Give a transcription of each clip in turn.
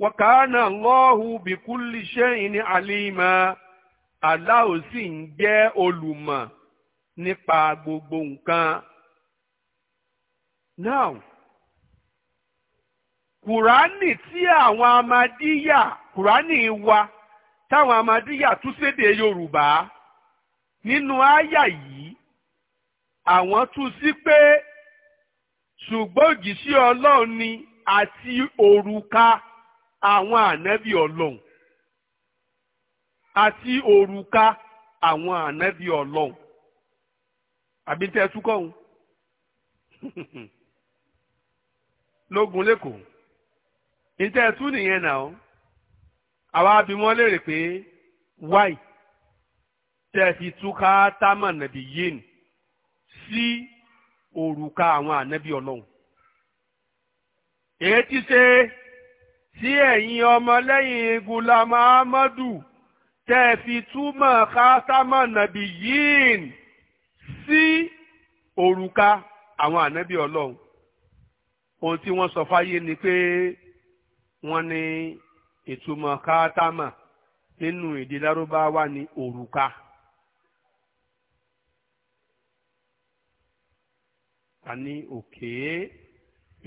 wàkàánà lọ́hùn bìkúlì ṣẹ́yìn alima àlìmọ́ aláwo sì ń jẹ́ olùmọ̀ nípa gbogbo nkan. now kùránì tí àwọn amadíyà kùránì wa táwọn amadíyà tún sédè yorùbá nínú àyà yìí àwọn tún sí pé ṣùgbọ́n òjìṣẹ́ ọlọ́run ni àti òrùka. àwọn ànábì ọlọ́run àti òrùka àwọn ànábì ọlọ́run àbí tẹ́ ẹ túkọ̀ òun lógun lẹ́kọ̀ọ́ ìtẹ́ ẹ tú nìyẹn náà àwa bí wọ́n léèrè pé wáì tẹ́ ẹ fi túká támà nàbì yéèn sí òrùka àwọn ànábì ọlọ́run èyí ti ṣe tí ẹ̀yin ọmọlẹ́yìn Gulam amadu tẹ́ ẹ fi túmọ̀ kátámọ̀ nàbì yíìn sí òrùka àwọn ànábì ọlọ́run ohun tí wọ́n sọ fáyé ni pé wọ́n ní ìtumọ̀ kátámà nínú èdè lárúbáwá ni òrùka. a ní òkè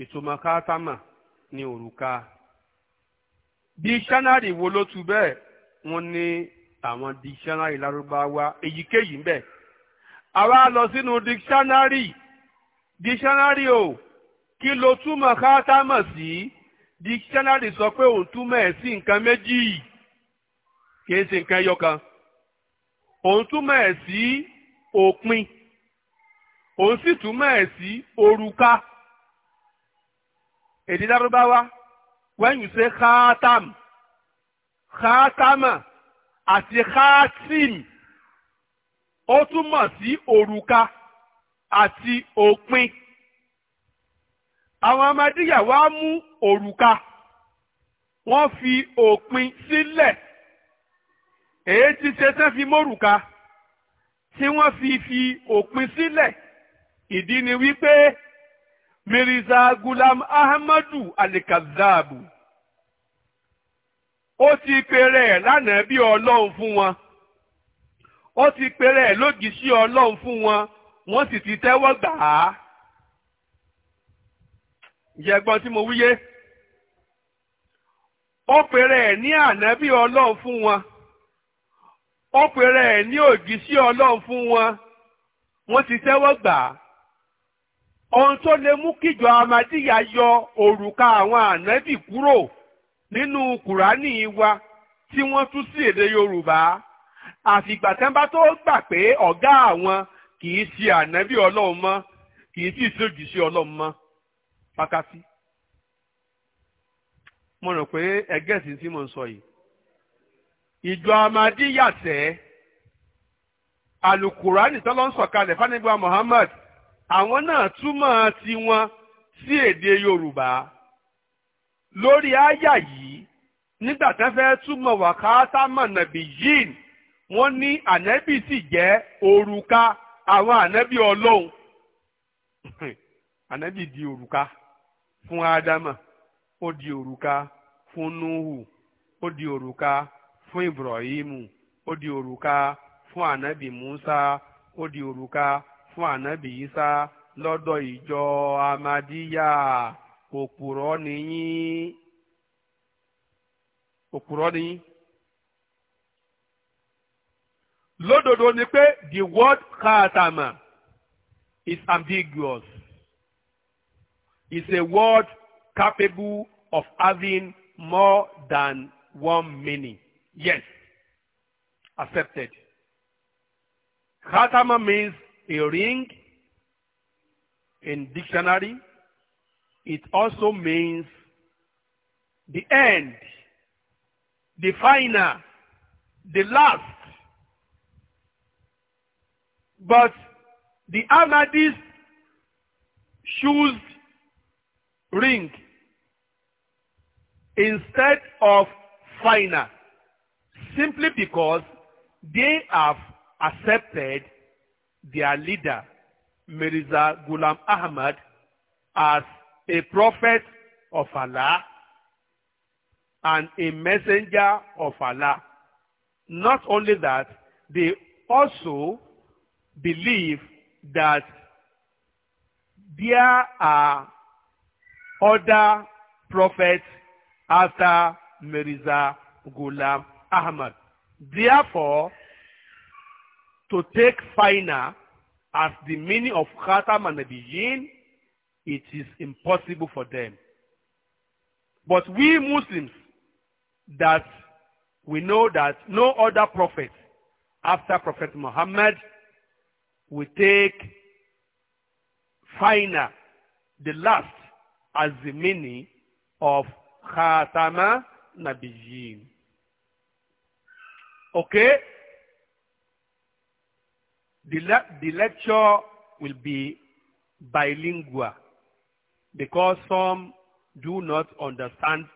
ìtumọ̀ kátámà ni òrùka dictionary wo ló tu bẹ́ẹ̀ wọ́n ní àwọn dictionary lárúbáwá èyíkéyìí ń bẹ àwa lọ sínú dictionary dictionary o kí ló túmọ̀ káátámọ̀ sí dictionary sọ pé òun túmọ̀ ẹ̀ sí nǹkan méjì kì í ṣe nǹkan ẹyọ kan òun túmọ̀ ẹ̀ sí òpin òun sì túmọ̀ ẹ̀ sí òrùka èdè lárúbáwá when you say khatam khatama àti khatim ó túmọ̀ sí òrùka àti òpin àwọn amadíyà wá mú òrùka wọ́n fi òpin sílẹ̀ èyí tí ṣetán fi mórùka tí wọ́n fi fi òpin sílẹ̀ ìdí ni wípé mirza gulam ahmadu alikazabu ó ti pèrè ẹ̀ lánàá bí ọlọ́run fún wọn ó ti pèrè ẹ̀ lógìsí ọlọ́run fún wọn wọ́n sì ti tẹ́wọ́ gbà á. ìyẹ̀gbọ́n tí mo wíyé ó pèrè ẹ̀ ní ànábì ọlọ́run fún wọn ó pèrè ní ògìsí ọlọ́run fún wọn wọ́n ti tẹ́wọ́ gbà á ohun tó lè mú kíjọ amadíyà yọ òrùka àwọn ànábì kúrò nínú kùránì wa tí wọ́n tú sí èdè yorùbá àfìgbà tán bá tó gbà pé ọ̀gá àwọn kì í ṣe ànábì ọlọ́run mọ́ kì í sì sójì sí ọlọ́run mọ́ pákásí. mo rò pé ẹgẹ́ sì tí mo ń sọ yìí ìjọ amadíyà sẹ́ alukurani tó ló ń sọ̀kalẹ̀ fánigbà muhammad àwọn náà túmọ̀ tiwọn sí èdè Yorùbá lórí àyà yìí nígbà tán fẹ́ túmọ̀ wàkátàmọ̀ nàbì yìn wọ́n ní ànẹ́bì sì jẹ́ òrùka àwọn ànẹ́bì ọlọ́run ànẹ́bì di òrùka fún Ádámà ó di òrùka fún Núhù ó di òrùka fún Ibrahimu ó di òrùka fún ànẹ́bì Musa ó di òrùka fún ànábì Ìsá lọ́dọ̀ ìjọ amadíyà òpùrọ́ ni yín òpùrọ́ ni lódodo ni pé the word katama is ambiguous is a word capable of having more than one meaning. Yes, accepted. Katama means a ring in dictionary, it also means the end, the final, the last. But the Ahmadis choose ring instead of final simply because they have accepted their leader, Mirza Ghulam Ahmad, as a prophet of Allah and a messenger of Allah. Not only that, they also believe that there are other prophets after Mirza Ghulam Ahmad. Therefore, to take final as the meaning of Khatam and Nabiyyin, it is impossible for them. But we Muslims, that we know that no other prophet after Prophet Muhammad will take final, the last, as the meaning of Khatama Nabiyyin. Okay? The, le- the lecture will be bilingual because some do not understand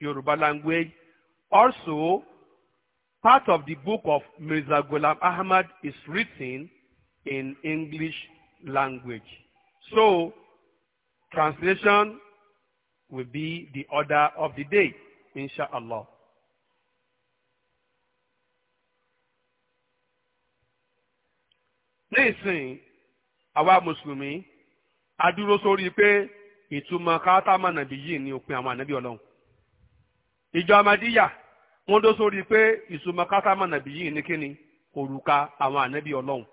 Yoruba language. Also, part of the book of Mirza Ghulam Ahmad is written in English language. So, translation will be the order of the day, inshallah. nísìnyí àwa mùsùlùmí a dúró sórí pé ìtumọ̀ káátámà nàbí yìí ni òpin àwọn ànábì ọlọ́run ìjọ amadíyà wọ́n dó sórí pé ìtumọ̀ káátámà nàbí yìí ni kíni òrùka àwọn ànábì ọlọ́run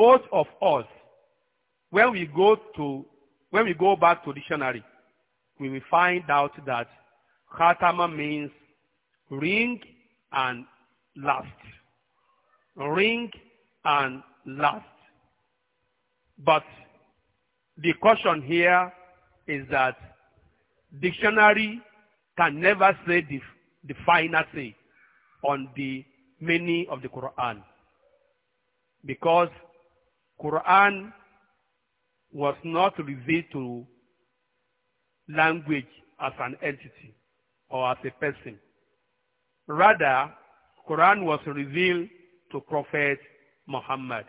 both of us when we go to when we go back to dictionary we will find out that khatama means ring and last ring and last. But the caution here is that dictionary can never say the, the final say on the meaning of the Quran because Quran was not revealed to language as an entity or as a person. Rather, Quran was revealed to Prophet Muhammad.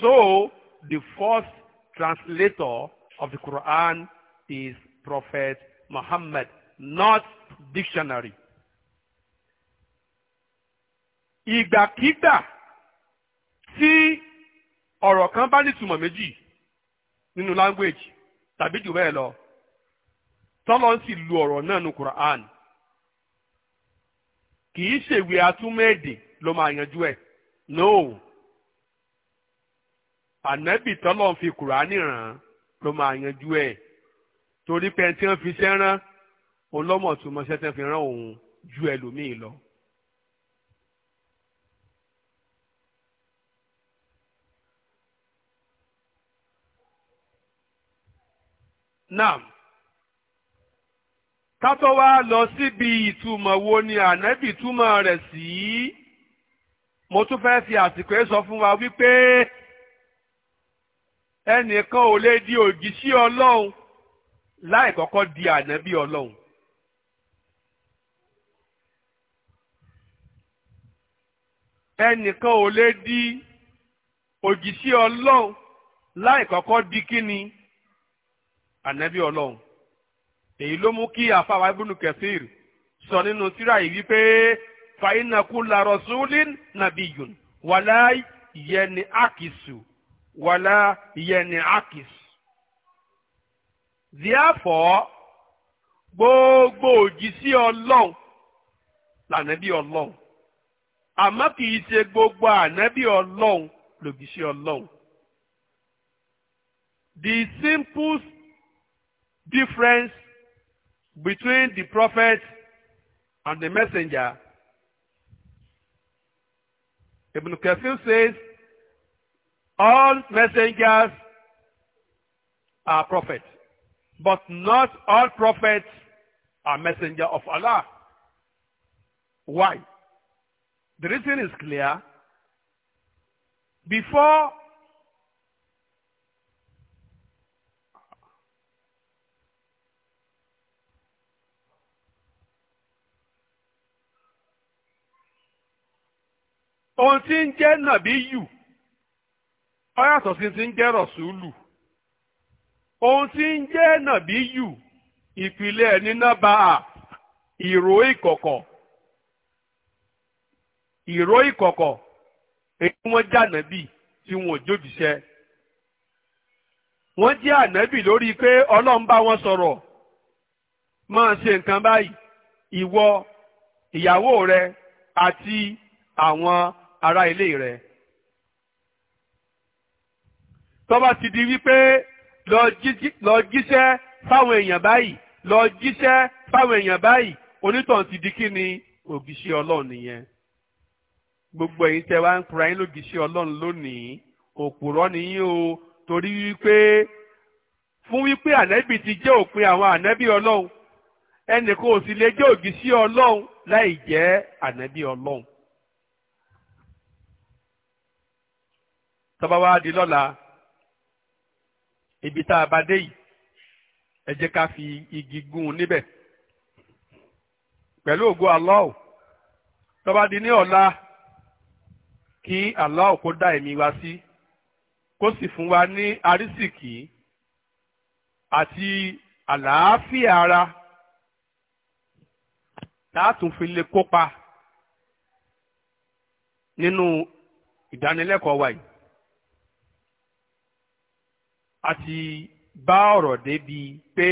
So the first translator of the Quran is Prophet Muhammad, not dictionary. Ìgbàkígbà tí ọ̀rọ̀ kan bá nítumọ̀ méjì nínú language tàbí jù bẹ́ẹ̀ lọ tọ́lọ́ sì lu ọ̀rọ̀ náà nu Quran kì í ṣèwé atúmọ̀ èdè ló máa yanjú ẹ̀ no ànábì tọ́lọ́n fi kùránì ràn ló máa yanjú ẹ̀ torí pé ẹni tí wọ́n fi iṣẹ́ rán òun lọ́mọ̀ tó mọṣẹ́ tẹ́ fi rán òun ju ẹlòmíì lọ. Naam. Ká tó wá lọ síbi ìtumọ̀ wo ni ànábì túmọ̀ rẹ̀ sí? Si? mo tún fẹ́ fi àsìkò sọ fún wa wípé ẹnìkan ò lè di òjíṣẹ́ ọlọ́run láì kọ́kọ́ di ànábì ọlọ́run. ẹnìkan ò lè di òjíṣẹ́ ọlọ́run láì kọ́kọ́ di kíni ànábì ọlọ́run. èyí ló mú kí àfàwà ibùnú sọ nínú tírà yìí wípé. فإن كل رسول نبي ولا ينعكس ولا ينعكس therefore gbogbo òjísí ọlọ́run lànàbí ọlọ́run àmọ́ kì í ṣe gbogbo ànábì ọlọ́run lòjísí ọlọ́run the simple difference between the prophet and the messenger Ibn Kathir says, all messengers are prophets, but not all prophets are messengers of Allah. Why? The reason is clear. Before ohun tí ń jẹ́ nàbí yù ó yàtọ̀ sí ti ń jẹ́ rọ̀súlù ohun tí ń jẹ́ nàbí yù ìpìlẹ̀ nínábà ìró ìkọ̀kọ̀ ìró ìkọ̀kọ̀ èyí wọ́n jẹ́ ànábì tí wọn ò jójúṣẹ́ wọ́n jẹ́ ànábì lórí pé ọlọ́run bá wọn sọ̀rọ̀ máa ṣe nǹkan báyìí ìwọ ìyàwó rẹ àti àwọn ará ilé rẹ̀ tó bá ti di wípé lọ jíṣẹ́ fáwọn èèyàn báyìí lọ jíṣẹ́ fáwọn èèyàn báyìí onítàn ti di kí ni ògìṣẹ́ ọlọ́run nìyẹn gbogbo èyí tẹ́ wá ń kura yín lògìṣẹ́ ọlọ́run lónìí òpùrọ́ nìyí o torí wípé fún wípé ànẹ́bì ti jẹ́ òpin àwọn ànẹ́bì ọlọ́run ẹnì ò sì lè jẹ́ ògìṣẹ́ ọlọ́run láì jẹ́ ànẹ́bì ọlọ́run. tọ́ba wa di lọ́la ibi tá a bá dé yìí ẹ jẹ́ ká fi igi gún un níbẹ̀ ògo Allah tọ́ba di ní ọ̀la kí Allah kó dá ẹ̀mí wa sí kó sì fún wa ní arísìkì àti àlàáfíà ara láàtún fi lè kópa nínú ìdánilẹ́kọ̀ọ́ wa yìí. a ti bá ọ̀rọ̀ débi pé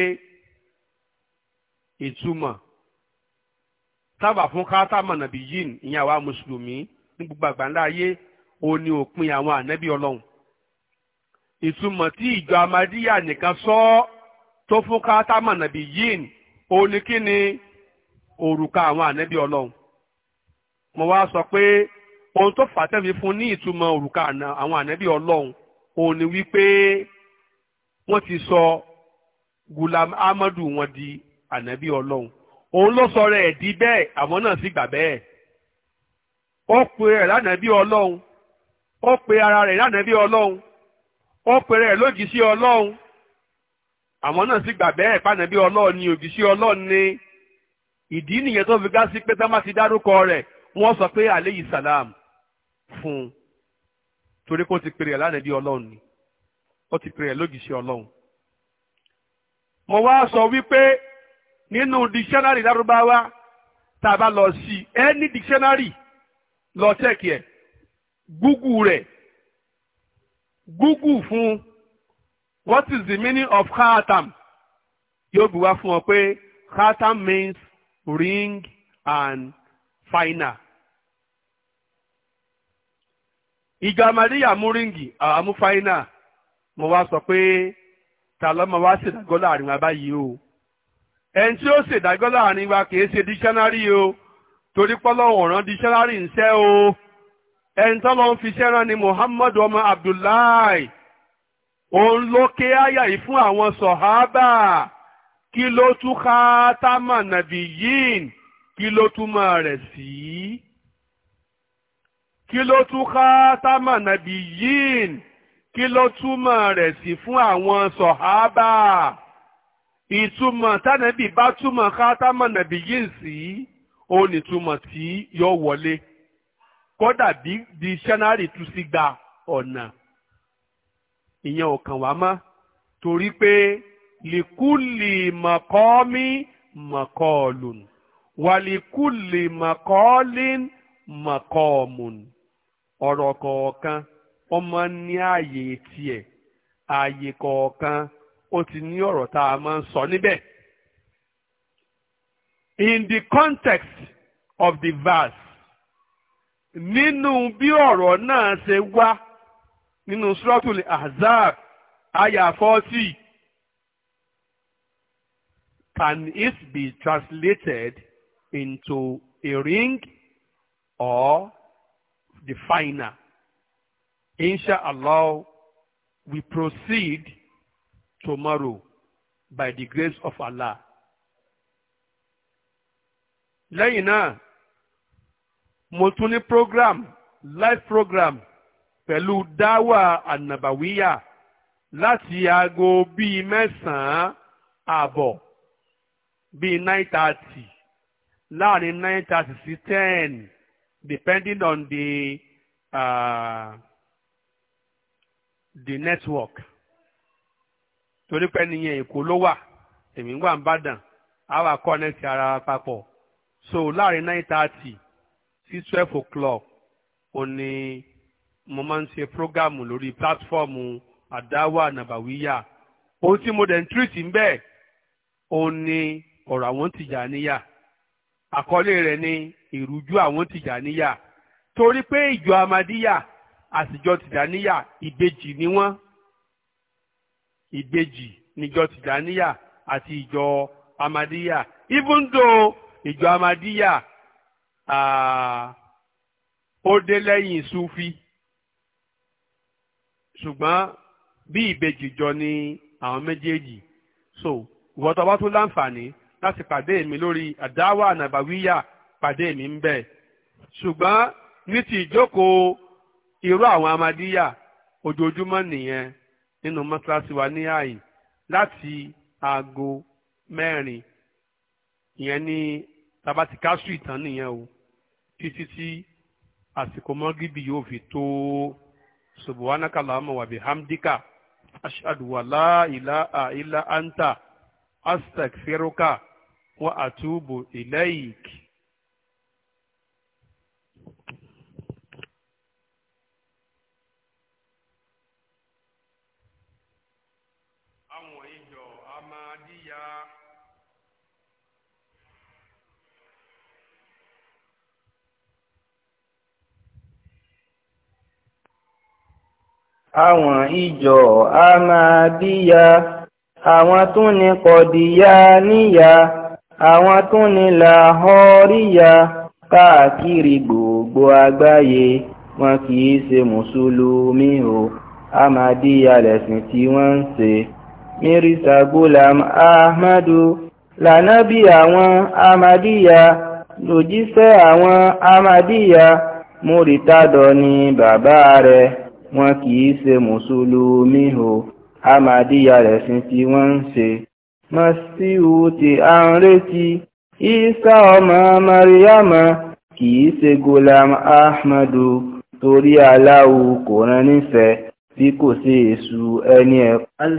ìtumọ̀ sábà fún kátámà nàbí yín ìyẹn àwa mùsùlùmí ní gbogbo àgbáńlá ayé o ní òpin àwọn ànábì ọlọ́run ìtumọ̀ tí ìjọ amadíyà nìkan sọ tó fún kátámà nàbí yín o ní kí ni òrùka àwọn ànábì ọlọ́run mo wá sọ pé ohun tó fàtẹ́fi fún ní ìtumọ̀ òrùka àwọn ànábì ọlọ́run o ní wípé. wọ́n ti sọ gulam amadu wọn di ànábì ọlọ́run òun ló sọ rẹ̀ di bẹ́ẹ̀ àwọn náà sì gbà bẹ́ẹ̀ ó pe ẹ̀ lánàbí ọlọ́run ó pe ara rẹ̀ lánàbí ọlọ́run ó pe rẹ̀ lójì sí ọlọ́run àwọn náà sì gbà bẹ́ẹ̀ pànàbí ọlọ́run ni òjì sí ọlọ́run ni ìdí nìyẹn tó fi gá sí pé tá má ti dárúkọ rẹ̀ wọ́n sọ pé aleyhi salam fún un torí kó ti pèrè lánàbí ọlọ́run ni ó ti pè é ọlọ́run. mo wá sọ wípé nínú dictionary lárúbáwá tá a bá lọ sí any dictionary lọ check ẹ̀ google rẹ̀ google fún what is the meaning of khatam yóò bí wá fún ọ pé khatam means ring and final. ìgbà maria mú ríngì àmú final mo wá sọ pé ta lọ́mọ wá ṣèdájọ́ láàrin wa báyìí o ẹni tí ó ṣèdájọ́ láàrin wa kì í ṣe dictionary o torí pọ́lọ́wọ̀n rán dictionary ń ṣẹ́ o ẹni tó lọ́n fi ṣẹ́ran ni Muhammad ọmọ Abdullahi òun ló ké àyà yìí fún àwọn sọ̀hábà kí ló tún ká támà nàbì yìí kí ló túmọ̀ rẹ̀ sí kí ló tún ká támà nàbì yìí kí ló túmọ̀ rẹ̀ sí fún àwọn sọ̀hábà ìtumọ̀ tánàbì bá túmọ̀ kátámọ̀ nàbì yìí sí òun ìtumọ̀ tí yóò wọlé kódà bí dictionary tú sí gba ọ̀nà ìyẹn ò kàn wá mọ́ torí pé likuli mọ̀kọ́mí mọ̀kọ́ọ̀lùn wàlikuli mọ̀kọ́ọ́lìn mọ̀kọ́ọ̀mùn ọ̀rọ̀ kọ̀ọ̀kan ọmọ ní ààyè tiẹ̀ ààyè kọ̀ọ̀kan ó ti ní ọ̀rọ̀ tá a máa ń sọ níbẹ̀. in the context of the verse nínú bí ọ̀rọ̀ náà ṣe wá nínú struggle Ahzab aya forty can it be translated into a ring or the final? Inshallah, we proceed tomorrow by the grace of Allah. Lẹ́yìn náà, mo tún ní program live program pẹ̀lú dáwà ànàbàwíyà láti aago bíi mẹ́sàn-án ààbọ̀ bíi nine thirty láàrin nine thirty sí ten depending on the. Uh, the network torí pé nìyẹn èkó ló wà èmi wà ń bàdàn á wà connect ara papọ̀ so láàrin nine thirty sí twelve o'clock ò ní mo máa ń ṣe prógámù lórí pílátífọ́ọ̀mù àdáwà nàbàwíyà ohun tí mo dẹ̀ ń tírìtì ń bẹ́ẹ̀ òun ni ọ̀rọ̀ àwọn Tìjàníyà àkọlé rẹ̀ ni ìrújú àwọn Tìjàníyà torí pé ìjọ Amadíyà àtijọ́ tìdáníyà ìbejì ni wọ́n ìbejì níjọ tìdáníyà àti ìjọ amadíyà even though ìjọ amadíyà ó dé lẹ́yìn sufi ṣùgbọ́n bí ìbejì jọ ni àwọn méjèèjì so ìwọ tó bá tún láǹfààní láti pàdé mi lórí àdáwà nàbàwíyà pàdé mi ń bẹ̀ ṣùgbọ́n ní ti ìjókòó irú àwọn amadíyà ojoojúmọ́ nìyẹn nínú mọ́ṣáláṣí wa ní àyè láti aago mẹ́rin ìyẹn ní tabatikasu ìtàn nìyẹn o títí tí àsìkò mọ́gíbì yóò fi tó subhanakallahumma wa bihamdika ashadu wa la ilaha illa anta astaghfiruka wa atubu ilaik. الحمادية àwọn ìjọ amadíyà àwọn tún ní kọdíyà níyà àwọn tún ní làhọ́ríyà káàkiri gbogbo àgbáyé wọn kìí se mùsùlùmí o amadíyà lẹ̀sìn tí mírísà gulam ahmadu lànábì àwọn amadíyà lòjíṣẹ́ àwọn amadíyà múrítàdọ̀ ni bàbá rẹ̀ wọn kìí ṣe mùsùlùmí o amadíyà rẹ̀ sí tí wọ́n ń ṣe masihu tí a ń retí isa ọmọ mariama kìí ṣe gulam ahmadu torí aláwo kò rán nífẹ̀ẹ́ bí kò sí èṣù ẹni ẹ̀kọ́